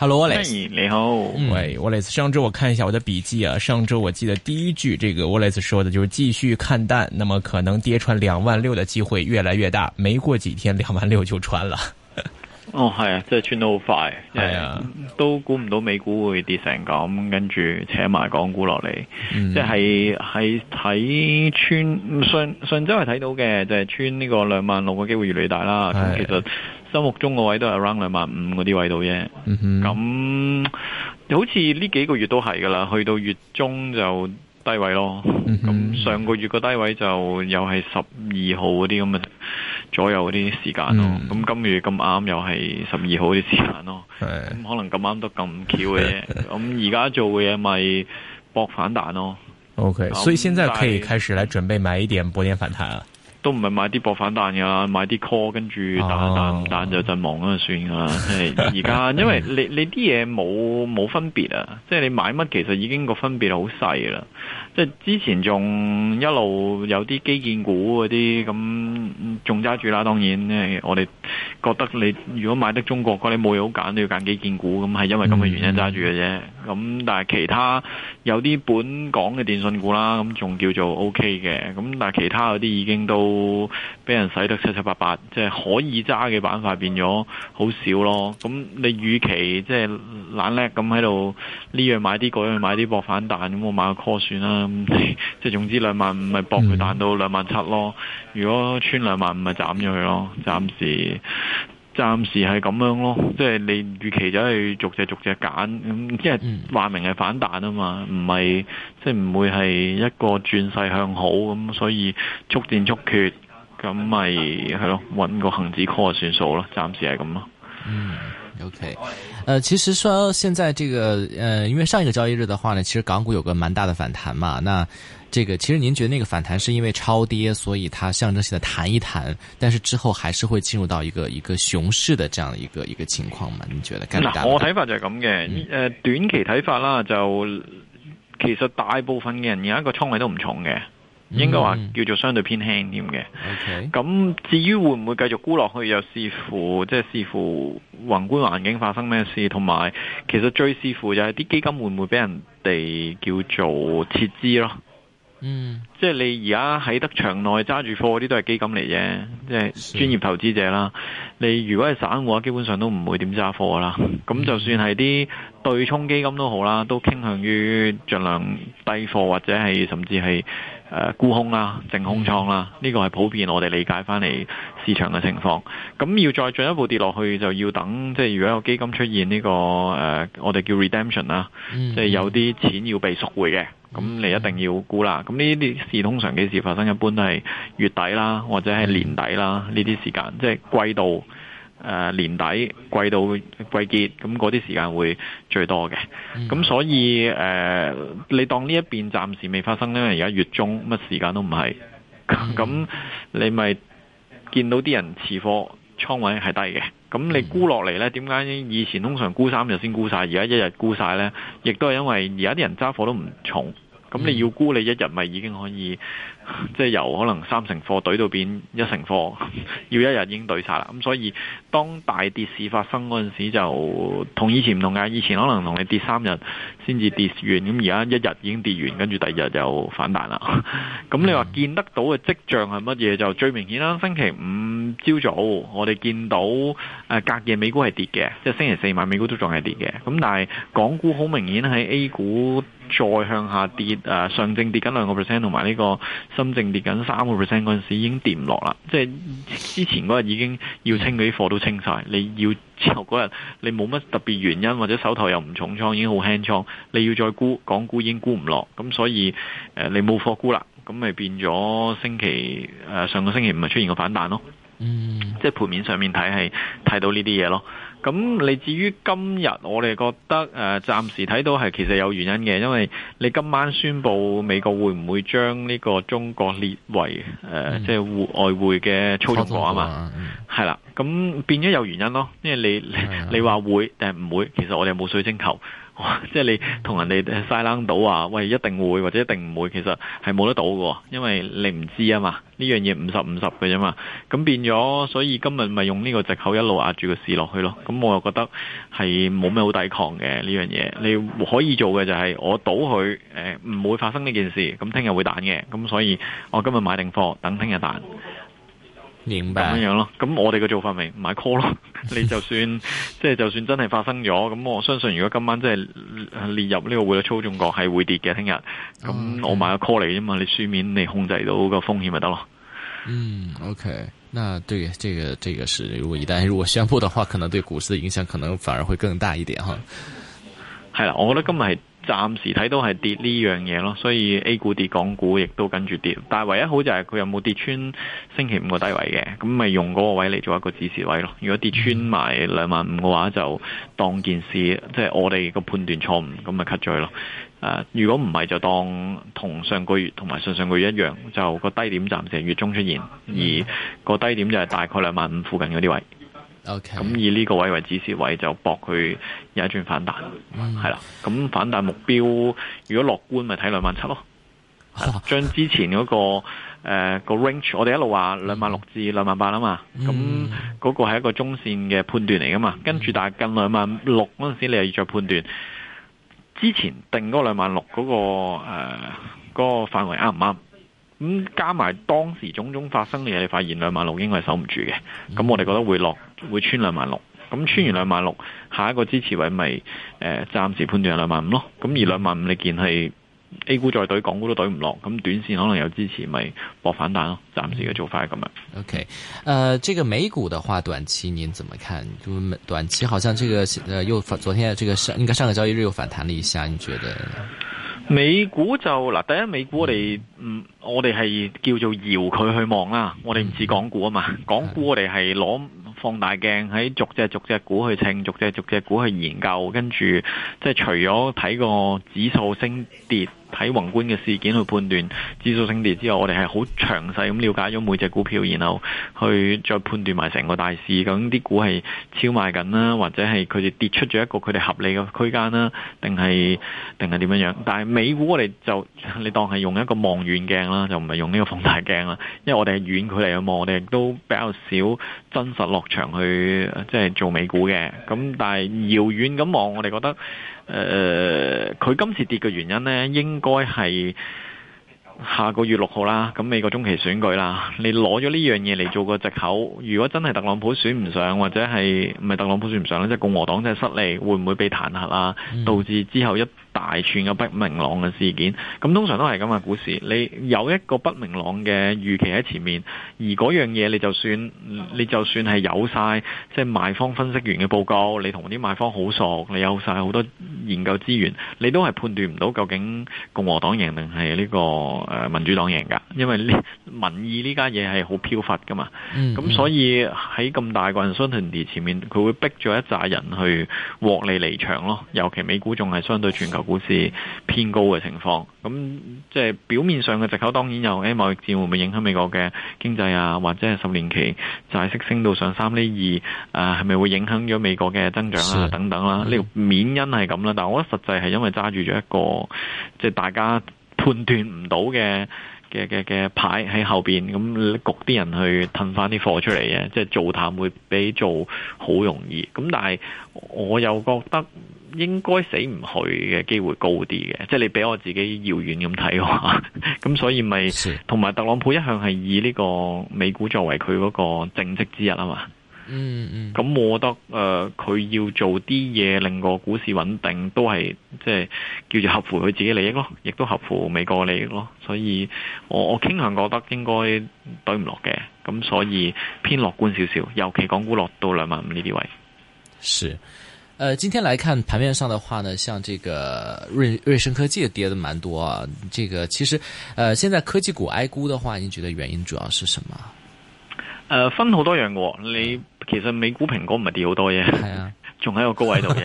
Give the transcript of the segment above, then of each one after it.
Hello，、Wallace、hey, 你好。喂，Wallace，上周我看一下我的筆記啊，上周我記得第一句，這個 Wallace 說的就係繼續看淡，那麼可能跌穿兩萬六的機會越來越大。沒過幾天，兩萬六就穿了。 哦，係啊，即、就、係、是、穿得好快，係啊，都估唔到美股會跌成咁，跟住扯埋港股落嚟，即係係睇穿，上上周係睇到嘅，就係、是、穿呢個兩萬六嘅機會越嚟越大啦。其實。心目中個位都係 around 兩萬五嗰啲位度啫，咁、嗯、好似呢幾個月都係噶啦，去到月中就低位咯。咁、嗯、上個月個低位就又係十二號嗰啲咁嘅左右嗰啲時間咯。咁、嗯、今個月咁啱又係十二號啲時間咯。咁可能咁啱得咁巧嘅。啫。咁而家做嘢咪搏反彈咯。O、okay, K，、嗯、所以現在可以開始嚟準備買一點搏點反彈啊。都唔係買啲博反彈噶，買啲 call 跟住彈彈彈就陣亡啊算啊！即係而 家因為你你啲嘢冇冇分別啊，即係你買乜其實已經個分別好細啦。即係之前仲一路有啲基建股嗰啲咁仲揸住啦，當然咧我哋覺得你如果買得中國你冇嘢好揀都要揀基建股，咁係因為咁嘅原因揸住嘅啫。咁、嗯、但係其他有啲本港嘅電信股啦，咁仲叫做 O K 嘅。咁但係其他嗰啲已經都。俾人洗得七七八八，即係可以揸嘅板塊變咗好少咯。咁你與其即係懶叻咁喺度呢樣買啲，嗰樣買啲博反彈，咁我買個 call 算啦。即係總之兩萬五咪搏佢彈到兩萬七咯。如果穿兩萬五咪斬咗佢咯，暫時。暫時係咁樣咯，即係你預期就去逐隻逐隻揀，咁即係話明係反彈啊嘛，唔係即係唔會係一個轉勢向好咁，所以速戰速決，咁咪係咯，揾個恆指 call 算數咯，暫時係咁咯。嗯，OK，誒、呃，其實說現在這個，誒、呃，因為上一個交易日的話呢，其實港股有個蠻大的反彈嘛，那。這個其實，您覺得那個反彈是因為超跌，所以它象徵性的彈一彈，但是之後還是會進入到一個一個熊市的這樣一個一個情況嘛？您覺得？嗱，我睇法就係咁嘅，誒、嗯，短期睇法啦，就其實大部分嘅人而家個倉位都唔重嘅、嗯，應該話叫做相對偏輕啲嘅。咁、okay. 至於會唔會繼續沽落去，又視乎即係視乎宏觀環境發生咩事，同埋其實最視乎就係啲基金會唔會俾人哋叫做撤資咯。嗯，即係你而家喺得場內揸住貨嗰啲都係基金嚟嘅，即係專業投資者啦。你如果係散戶嘅話，基本上都唔會點揸貨啦。咁就算係啲對沖基金都好啦，都傾向於盡量低貨或者係甚至係誒、呃、沽空啦、淨空倉啦。呢個係普遍我哋理解翻嚟市場嘅情況。咁要再進一步跌落去，就要等，即係如果有基金出現呢、這個誒、呃，我哋叫 redemption 啦，即係有啲錢要被贖回嘅。咁你一定要估啦。咁呢啲事通常幾時發生？一般都係月底啦，或者係年底啦，呢啲時間，即係季度、誒年底、季度、季結咁嗰啲時間會最多嘅。咁所以誒，你當呢一邊暫時未發生咧，而家月中乜時間都唔係，咁 你咪見到啲人持貨。倉位係低嘅，咁你沽落嚟咧，點解以前通常沽三日先沽晒，而家一日沽晒咧？亦都係因為而家啲人揸貨都唔重，咁你要沽你一日咪已經可以。即係由可能三成貨對到變一成貨，要一日已經對晒啦。咁所以當大跌市發生嗰陣時候，就同以前唔同噶。以前可能同你跌三日先至跌完，咁而家一日已經跌完，跟住第二日就反彈啦。咁你話見得到嘅跡象係乜嘢？就最明顯啦，星期五朝早我哋見到誒隔夜美股係跌嘅，即係星期四晚美股都仲係跌嘅。咁但係港股好明顯喺 A 股。再向下跌，啊、呃，上證跌緊兩個 percent，同埋呢個深證跌緊三個 percent 嗰陣時已經跌唔落啦。即係之前嗰日已經要清嗰啲貨都清晒，你要之後嗰日你冇乜特別原因或者手頭又唔重倉，已經好輕倉，你要再沽港股已經沽唔落，咁所以誒、呃、你冇貨沽啦，咁咪變咗星期誒、呃、上個星期五咪出現個反彈咯。嗯，即係盤面上面睇係睇到呢啲嘢咯。咁你至於今日，我哋覺得、呃、暫時睇到係其實有原因嘅，因為你今晚宣布美國會唔會將呢個中國列為、呃嗯、即係外匯嘅操縱國啊嘛，係、嗯、啦，咁、嗯、變咗有原因咯，因為你你話會定唔會，其實我哋冇水晶球。 即係你同人哋晒冷賭啊！喂，一定會或者一定唔會，其實係冇得到喎！因為你唔知啊嘛。呢樣嘢五十五十嘅啫嘛，咁變咗，所以今日咪用呢個借口一路壓住個市落去咯。咁我又覺得係冇咩好抵抗嘅呢樣嘢。你可以做嘅就係我賭佢誒唔會發生呢件事，咁聽日會彈嘅。咁所以我今日買定貨，等聽日彈。明白咁樣咯，咁我哋嘅做法咪買 call 咯。 你就算即係就算真係發生咗，咁我相信如果今晚即係列入呢個匯率操縱國，係會跌嘅。聽日，咁我買個 call 嚟啫嘛，你書面你控制到個風險咪得咯。嗯，OK，那對，呢、這個呢、這個是如果一旦如果宣布嘅話，可能對股市嘅影響可能反而會更大一點哈。係啦，我覺得今日係。暫時睇到係跌呢樣嘢咯，所以 A 股跌，港股亦都跟住跌。但係唯一好就係佢有冇跌穿星期五個低位嘅，咁咪用嗰個位嚟做一個指示位咯。如果跌穿埋兩萬五嘅話，就當件事，即係我哋個判斷錯誤，咁咪 cut 咗佢咯。誒，如果唔係就當同上個月同埋上上個月一樣，就個低點暫時係月中出現，而個低點就係大概兩萬五附近嗰啲位。咁、okay. 以呢個位為止蝕位，就搏佢有一轉反彈，係、mm. 啦。咁反彈目標，如果樂觀咪睇兩萬七咯。將 之前嗰、那個誒、呃那個 range，我哋一路話兩萬六至兩萬八啊嘛。咁、mm. 嗰個係一個中線嘅判斷嚟噶嘛。Mm. 跟住但係近兩萬六嗰陣時，你又要再判斷之前定嗰兩萬六嗰個誒嗰、那個範圍啱唔啱？呃那個加埋當時種種發生嘅嘢，你發現兩萬六應該係守唔住嘅。咁我哋覺得會落，會穿兩萬六。咁穿完兩萬六，下一個支持位咪暫時判斷係兩萬五咯。咁而兩萬五你見係 A 股再對港股都對唔落，咁短線可能有支持，咪搏反彈咯。暫時嘅做法咁樣。OK，誒、uh，這個美股的話，短期您怎麼看？就短期好像這個、呃、又昨天這個上應該上個交易日日又反彈了一下，你覺得？美股就嗱，第一美股我哋唔，我哋係叫做遙距去望啦，我哋唔似港股啊嘛，港股我哋係攞放大鏡喺逐隻逐隻股去稱，逐隻逐隻股去研究，跟住即係除咗睇個指數升跌。睇宏觀嘅事件去判斷指數升跌，之後我哋係好詳細咁了解咗每隻股票，然後去再判斷埋成個大市，咁啲股係超賣緊啦，或者係佢哋跌出咗一個佢哋合理嘅區間啦，定係定係點樣樣？但係美股我哋就你當係用一個望遠鏡啦，就唔係用呢個放大鏡啦，因為我哋係遠距離去望，我哋亦都比較少真實落場去即係、就是、做美股嘅。咁但係遙遠咁望，我哋覺得。誒、呃，佢今次跌嘅原因呢，應該係下個月六號啦，咁美國中期選舉啦，你攞咗呢樣嘢嚟做個藉口，如果真係特朗普選唔上，或者係唔係特朗普選唔上咧，即係共和黨即係失利，會唔會被彈劾啊？導致之後一大串嘅不明朗嘅事件，咁通常都係咁啊！股市你有一個不明朗嘅預期喺前面，而嗰樣嘢你就算你就算係有晒即係賣方分析員嘅報告，你同啲賣方好熟，你有晒好多研究資源，你都係判斷唔到究竟共和黨贏定係呢個誒民主黨贏噶，因為呢民意呢家嘢係好飄忽㗎嘛。咁、mm-hmm. 所以喺咁大個 uncertainty 前面，佢會逼咗一紮人去獲利離場咯，尤其美股仲係相對全球，股市偏高嘅情況，咁即係表面上嘅借口，當然有，誒、哎、貿易戰會唔會影響美國嘅經濟啊，或者係十年期債息升到上三厘二，誒係咪會影響咗美國嘅增長啊等等啦、啊？呢個面因係咁啦，但係我覺得實際係因為揸住咗一個，即、就、係、是、大家判斷唔到嘅。嘅嘅嘅牌喺後邊，咁焗啲人去褪翻啲貨出嚟嘅，即係做淡會比做好容易。咁但係我又覺得應該死唔去嘅機會高啲嘅，即係你俾我自己遙遠咁睇嘅話，咁 所以咪同埋特朗普一向係以呢個美股作為佢嗰個政績之一啊嘛。嗯嗯，咁、嗯、我覺得誒，佢、呃、要做啲嘢令個股市穩定，都係即係叫做合乎佢自己利益咯，亦都合乎美國利益咯。所以我，我我傾向覺得應該對唔落嘅，咁所以偏樂觀少少。尤其港股落到兩萬五呢啲位，是，誒、呃，今天來看盤面上的話呢，像這個瑞瑞聲科技跌得蠻多啊。這個其實，誒、呃，現在科技股挨沽嘅話，你覺得原因主要是什麼？誒、呃，分好多樣嘅、哦，你、嗯。其實美股蘋果唔係跌好多嘅，仲喺、啊、個高位度嘅。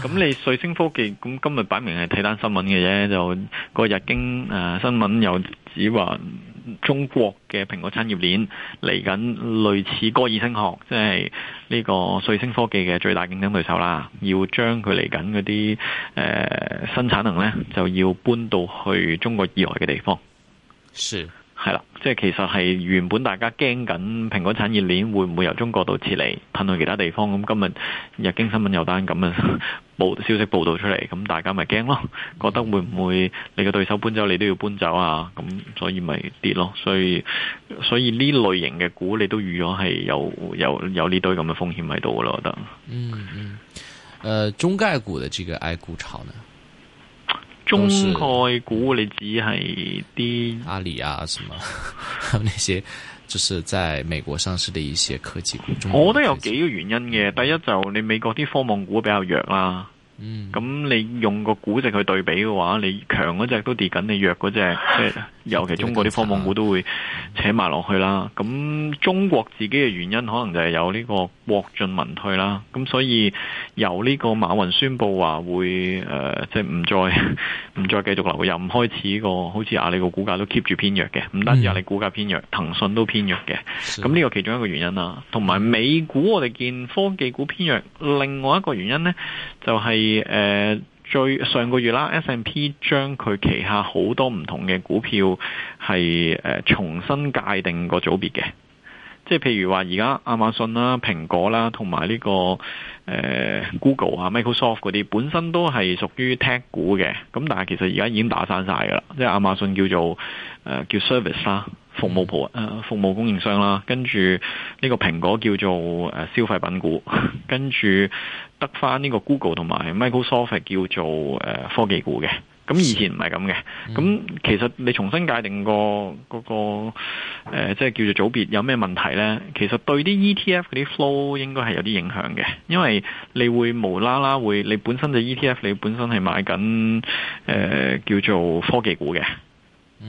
咁 你瑞星科技咁今日擺明係睇單新聞嘅啫，就、嗰個日經誒、呃、新聞又指話中國嘅蘋果產業鏈嚟緊類似歌爾聲學，即係呢個瑞星科技嘅最大競爭對手啦，要將佢嚟緊嗰啲誒新產能呢，就要搬到去中國以外嘅地方。是。係啦，即係其實係原本大家驚緊蘋果產業鏈會唔會由中國度撤離，噴去其他地方咁。今日日經新聞有單咁嘅報消息報道出嚟，咁大家咪驚咯，覺得會唔會你個對手搬走，你都要搬走啊？咁所以咪跌咯。所以所以呢類型嘅股，你都預咗係有有有呢堆咁嘅風險喺度嘅咯，我覺得。嗯嗯，誒，中概股嘅呢個 I 股炒呢？中概股你指係啲阿里啊，什麼，有那些，就是在美國上市的一些科技股。我覺得有幾個原因嘅、嗯，第一就你美國啲科網股比較弱啦、啊。嗯，咁你用個估值去對比嘅話，你強嗰隻都跌緊，你弱嗰隻，即係尤其中國啲科網股都會扯埋落去啦。咁中國自己嘅原因可能就係有呢個國進民退啦。咁所以由呢個馬雲宣布話會誒，即係唔再唔 再繼續留，又唔開始呢、這個，好似阿里個股價都 keep 住偏弱嘅，唔單止阿里股價偏弱，騰訊都偏弱嘅。咁呢個其中一個原因啦。同埋美股我哋見科技股偏弱，另外一個原因呢，就係、是。誒、呃，最上個月啦，S&P 將佢旗下好多唔同嘅股票係誒、呃、重新界定個組別嘅，即係譬如話而家亞馬遜啦、蘋果啦，同埋呢個誒、呃、Google 啊、Microsoft 嗰啲，本身都係屬於 tech 股嘅，咁但係其實而家已經打散晒噶啦，即係亞馬遜叫做誒、呃、叫 service 啦。服務部誒，服務供應商啦，跟住呢個蘋果叫做誒消費品股，跟住得翻呢個 Google 同埋 Microsoft 叫做誒科技股嘅。咁以前唔係咁嘅，咁、嗯、其實你重新界定過，嗰個嗰個誒，即係叫做組別有咩問題呢？其實對啲 ETF 嗰啲 flow 應該係有啲影響嘅，因為你會無啦啦會，你本身就 ETF 你本身係買緊誒、呃、叫做科技股嘅。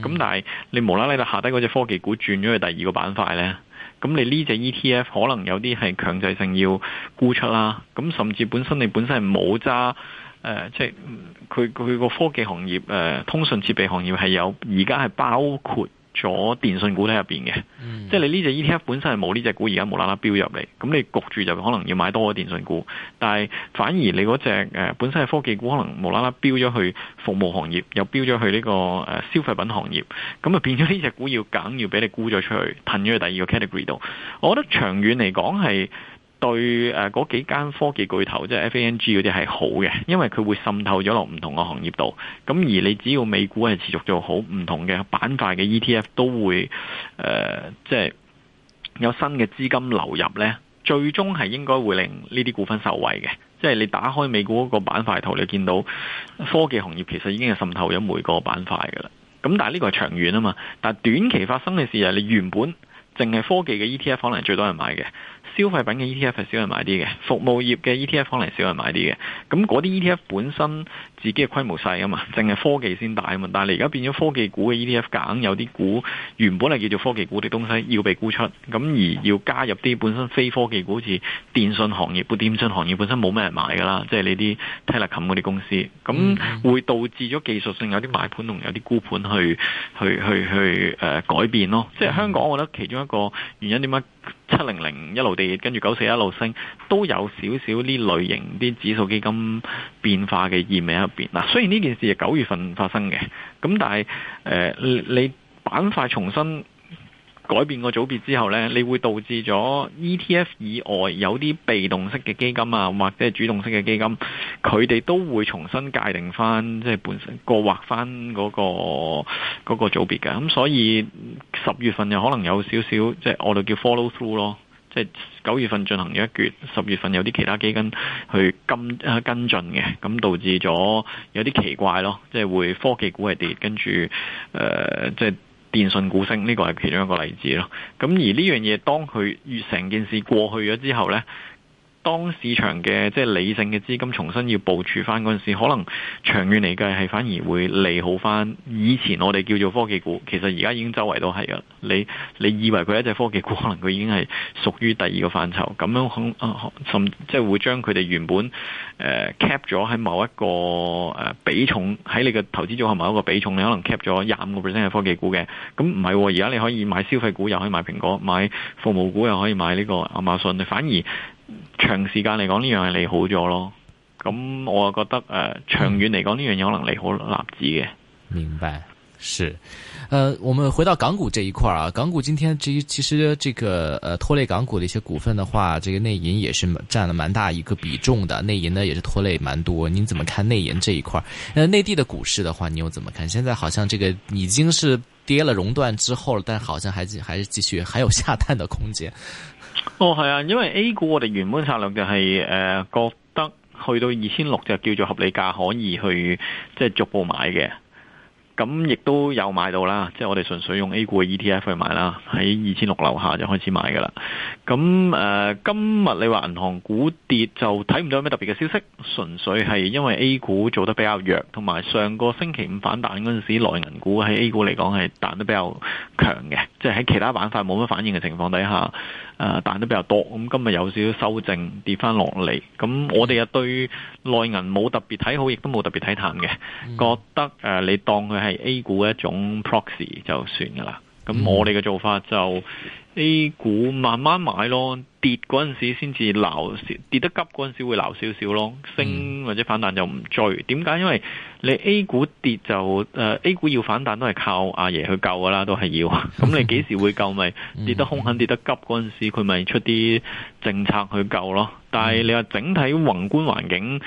咁、嗯、但係你無啦啦就下低嗰隻科技股轉咗去第二個板塊咧，咁你呢隻 ETF 可能有啲係強制性要沽出啦，咁甚至本身你本身係冇揸，誒、呃，即係佢佢個科技行業誒、呃，通訊設備行業係有，而家係包括咗電信股喺入邊嘅，即係你呢隻 ETF 本身係冇呢隻股，而家無啦啦標入嚟，咁你焗住就可能要買多個電信股，但係反而你嗰隻誒本身係科技股，可能無啦啦標咗去服務行業，又標咗去呢個消費品行業，咁就變咗呢隻股要揀要俾你沽咗出去，褪咗去第二個 category 度。我覺得長遠嚟講係。對誒，嗰、呃、幾間科技巨頭，即係 F A N G 嗰啲係好嘅，因為佢會滲透咗落唔同嘅行業度。咁而你只要美股係持續做好唔同嘅板塊嘅 E T F，都會誒、呃，即係有新嘅資金流入呢，最終係應該會令呢啲股份受惠嘅。即係你打開美股嗰個板塊圖，你見到科技行業其實已經係滲透咗每個板塊噶啦。咁但係呢個係長遠啊嘛，但係短期發生嘅事係你原本淨係科技嘅 E T F 可能最多人買嘅。消費品嘅 ETF 係少人買啲嘅，服務業嘅 ETF 可能少人買啲嘅。咁嗰啲 ETF 本身自己嘅規模細噶嘛，淨係科技先大啊嘛。但係你而家變咗科技股嘅 ETF 梗有啲股原本係叫做科技股嘅東西要被沽出，咁而要加入啲本身非科技股，好似電信行業、半電信行業本身冇咩人買噶啦，即係呢啲 telecom 嗰啲公司，咁會導致咗技術性有啲買盤同有啲沽盤去去去去、呃、改變咯。即係香港，我覺得其中一個原因點解？七零零一路跌，跟住九四一路升，都有少少呢類型啲指數基金變化嘅意味喺入邊。嗱，雖然呢件事係九月份發生嘅，咁但係誒、呃，你板塊重新。改變個組別之後呢，你會導致咗 ETF 以外有啲被動式嘅基金啊，或者主動式嘅基金，佢哋都會重新界定翻，即係本身過劃翻嗰個嗰個組別嘅。咁所以十月份又可能有少少，即係我哋叫 follow through 咯，即係九月份進行一決，十月份有啲其他基金去跟跟進嘅，咁導致咗有啲奇怪咯，即係會科技股係跌，跟住誒即係。呃就是電信股升，呢個係其中一個例子咯，咁而呢樣嘢當佢越成件事過去咗之後咧。當市場嘅即係理性嘅資金重新要部署翻嗰陣時，可能長遠嚟計係反而會利好翻。以前我哋叫做科技股，其實而家已經周圍都係噶你你以為佢一隻科技股，可能佢已經係屬於第二個範疇。咁樣可甚即係會將佢哋原本誒 cap 咗喺某一個誒比重，喺你嘅投資組合某一個比重，你可能 cap 咗廿五個 percent 嘅科技股嘅。咁唔係，而家你可以買消費股，又可以買蘋果，買服務股，又可以買呢個亞馬遜，你反而。長時間嚟講呢樣係利好咗咯，咁我又覺得誒、呃、長遠嚟講呢樣嘢可能利好納指嘅。明白，是，呃我們回到港股這一塊啊，港股今天至於其實這個呃拖累港股的一些股份的話，這個內銀也是佔了蠻大一個比重的，內銀呢也是拖累蠻多。您怎麼看內銀這一塊？誒、呃，內地的股市的話，你又怎麼看？現在好像這個已經是跌了熔斷之後，但好像還係還是繼續還有下探的空間。哦，係啊，因為 A 股我哋原本策略就係、是、誒、呃，覺得去到二千六就是叫做合理價，可以去即係、就是、逐步買嘅。咁亦都有買到啦，即、就、係、是、我哋純粹用 A 股嘅 ETF 去買啦，喺二千六樓下就開始買噶啦。咁誒、呃，今日你話銀行股跌就睇唔到有咩特別嘅消息，純粹係因為 A 股做得比較弱，同埋上個星期五反彈嗰陣時候，內銀股喺 A 股嚟講係彈得比較強嘅，即係喺其他板塊冇乜反應嘅情況底下。誒彈得比較多，咁今日有少少修正，跌翻落嚟。咁我哋又對內銀冇特別睇好，亦都冇特別睇淡嘅，覺得、呃、你當佢係 A 股一種 proxy 就算㗎啦。咁我哋嘅做法就，A 股慢慢買咯，跌嗰陣時先至撈，跌得急嗰陣時會撈少少咯。升或者反彈就唔追，點解？因為你 A 股跌就誒、呃，A 股要反彈都係靠阿爺去救噶啦，都係要。咁你幾時會救咪？跌得兇狠、跌得急嗰陣時，佢咪出啲政策去救咯。但係你話整體宏觀環境，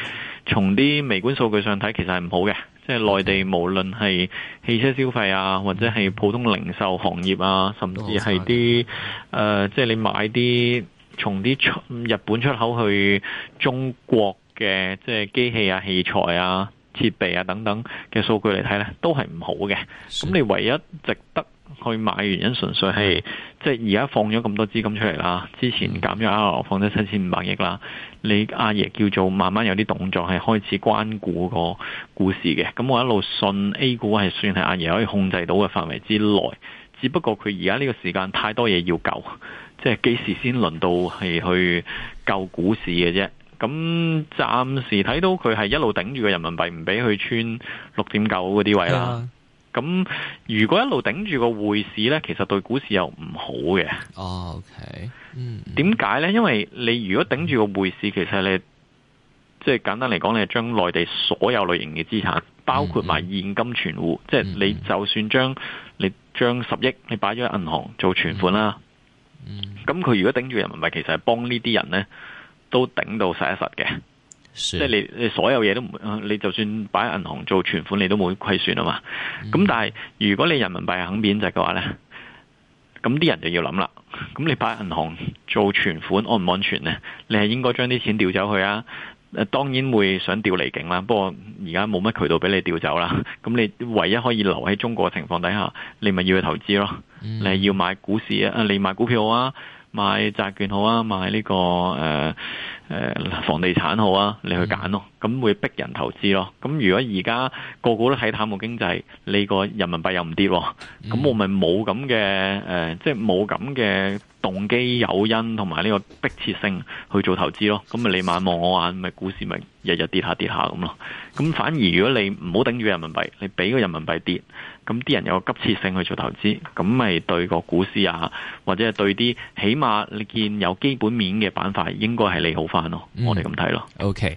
從啲微觀數據上睇，其實係唔好嘅。即係內地無論係汽車消費啊，或者係普通零售行業啊，甚至係啲誒即係你買啲從啲出日本出口去中國嘅即係機器啊、器材啊、設備啊等等嘅數據嚟睇咧，都係唔好嘅。咁你唯一值得。去買原因純粹係即係而家放咗咁多資金出嚟啦，之前減咗啊，放咗七千五百億啦。你阿爺叫做慢慢有啲動作係開始關顧個股市嘅，咁我一路信 A 股係算係阿爺可以控制到嘅範圍之內。只不過佢而家呢個時間太多嘢要救，即係幾時先輪到係去救股市嘅啫？咁暫時睇到佢係一路頂住個人民幣唔俾佢穿六點九嗰啲位啦。Yeah. 咁如果一路頂住個匯市呢，其實對股市又唔好嘅。哦，OK，Mm-hmm. 點解呢？因為你如果頂住個匯市，其實你即係簡單嚟講，你係將內地所有類型嘅資產，包括埋現金存戶，Mm-hmm. 即係你就算將你將十億你擺咗喺銀行做存款啦。Mm-hmm. 咁佢如果頂住人民幣，其實係幫呢啲人呢，都頂到實一實嘅。即係你你所有嘢都唔，你就算擺喺銀行做存款，你都冇虧損啊嘛。咁但係如果你人民幣係肯貶值嘅話呢，咁啲人就要諗啦。咁你擺喺銀行做存款安唔安全呢？你係應該將啲錢調走去啊。當然會想調離境啦。不過而家冇乜渠道俾你調走啦。咁你唯一可以留喺中國嘅情況底下，你咪要去投資咯。你係要買股市啊，你買股票啊。買債券好啊，買呢、這個誒誒、呃呃、房地產好啊，你去揀咯，咁會逼人投資咯。咁如果而家個個都睇淡個經濟，你個人民幣又唔跌，咁我咪冇咁嘅誒，即係冇咁嘅動機誘因同埋呢個迫切性去做投資咯。咁咪你眼望我眼，咪股市，咪日日跌下跌下咁咯。咁反而如果你唔好頂住人民幣，你俾個人民幣跌。咁啲人有急切性去做投資，咁咪對個股市啊，或者係對啲起碼你見有基本面嘅板塊，應該係利好翻咯、嗯。我哋咁睇咯。OK。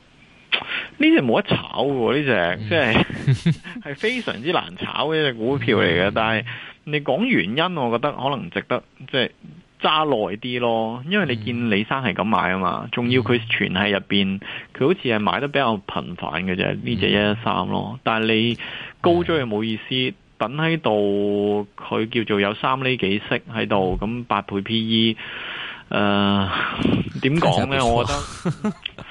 呢隻冇得炒喎，呢、嗯、隻即係係 非常之難炒嘅一隻股票嚟嘅、嗯。但係你講原因，我覺得可能值得即係揸耐啲咯。因為你見李生係咁買啊嘛，仲、嗯、要佢存喺入面，佢好似係買得比較頻繁嘅啫。呢、嗯、隻一一三咯，但係你高追又冇意思，嗯、等喺度佢叫做有三釐幾息喺度，咁八倍 P E，誒、呃、點講咧？呢我覺得。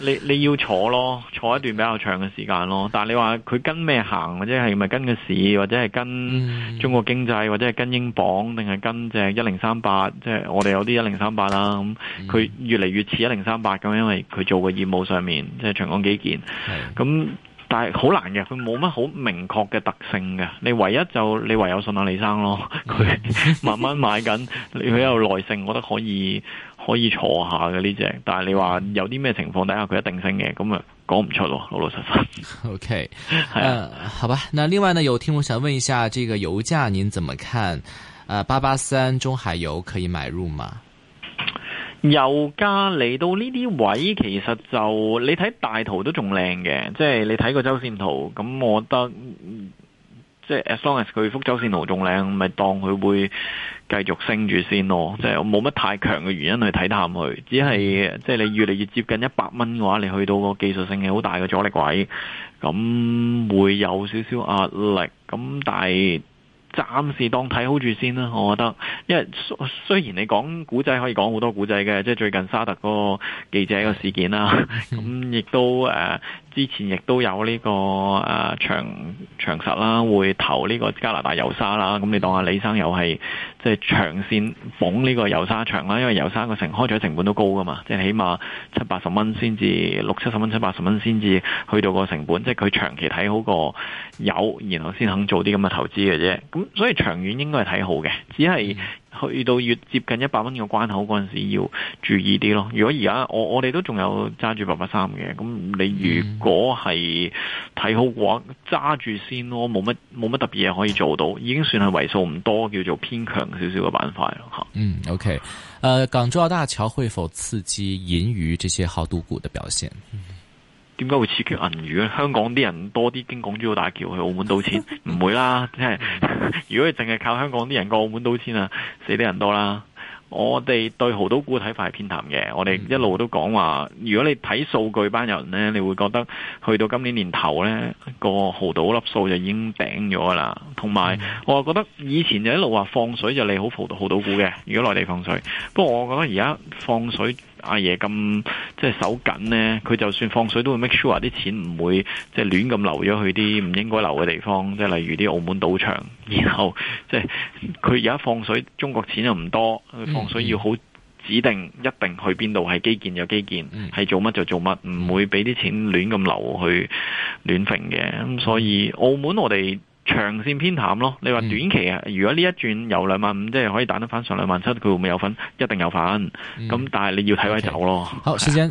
你你要坐咯，坐一段比較長嘅時間咯。但係你話佢跟咩行，或者係咪跟個市，或者係跟中國經濟，或者係跟英鎊，定係跟隻一零三八？即係我哋有啲一零三八啦。佢越嚟越似一零三八咁，因為佢做嘅業務上面，即係長江基建。咁但係好難嘅，佢冇乜好明確嘅特性嘅。你唯一就你唯有信下李生咯。佢 慢慢買緊，你佢有耐性，我覺得可以。可以坐下嘅呢隻，但係你話有啲咩情況底下佢一定升嘅？咁啊，講唔出咯，老老實實。O K，係啊，好吧。那另外呢，有聽我想問一下，這個油價您怎麼看？誒，八八三中海油可以買入嗎？油價嚟到呢啲位，其實就你睇大圖都仲靚嘅，即係你睇個週線圖，咁我覺得。即係 as long as 佢福州線路仲靚，咪當佢會繼續升住先咯。即係我冇乜太強嘅原因去睇淡佢，只係即係你越嚟越接近一百蚊嘅話，你去到個技術性嘅好大嘅阻力位，咁會有少少壓力。咁但係暫時當睇好住先啦、啊。我覺得，因為雖然你講古仔可以講好多古仔嘅，即係最近沙特個記者個事件啦，咁 亦都、呃之前亦都有呢、呢個誒、啊、長長實啦，會投呢個加拿大油砂啦。咁你當下李生又係即係長線捧呢個油砂場啦，因為油砂個成開咗，成本都高㗎嘛，即係起碼七八十蚊先至六七十蚊七八十蚊先至去到個成本，即係佢長期睇好個油，然後先肯做啲咁嘅投資嘅啫。咁所以長遠應該係睇好嘅，只係，嗯去到越接近一百蚊嘅關口嗰陣時候要注意啲咯。如果而家我我哋都仲有揸住八八三嘅，咁你如果係睇好我揸住先咯，冇乜冇乜特別嘢可以做到，已經算係為數唔多叫做偏強少少嘅板塊咯。吓，嗯，OK，誒、uh,，港珠澳大橋會否刺激銀娛這些濠賭股嘅表現？點解會刺激銀魚咧？香港啲人多啲經港珠澳大橋去澳門賭錢，唔 會啦。即係如果你淨係靠香港啲人過澳門賭錢啊，死啲人多啦。 我哋對濠賭股睇法係偏淡嘅。我哋一路都講話，如果你睇數據班人呢，你會覺得去到今年年頭呢，個濠賭粒數就已經頂咗啦。同埋 我覺得以前就一路話放水就利好濠賭濠賭股嘅。如果內地放水，不過我覺得而家放水。阿爺咁即係手緊呢，佢就算放水都會 make sure 啲錢唔會即係、就是、亂咁流咗去啲唔應該流嘅地方，即係例如啲澳門賭場。然後即係佢而家放水，中國錢又唔多，放水要好指定一定去邊度，係基建就基建，係做乜就做乜，唔會俾啲錢亂咁流去亂揈嘅。咁所以澳門我哋。長線偏淡咯，你話短期啊，如果呢一轉由兩萬五，即係可以彈得翻上兩萬七，佢會唔會有份，一定有份，咁但係你要睇位走咯。Okay. 好，時間。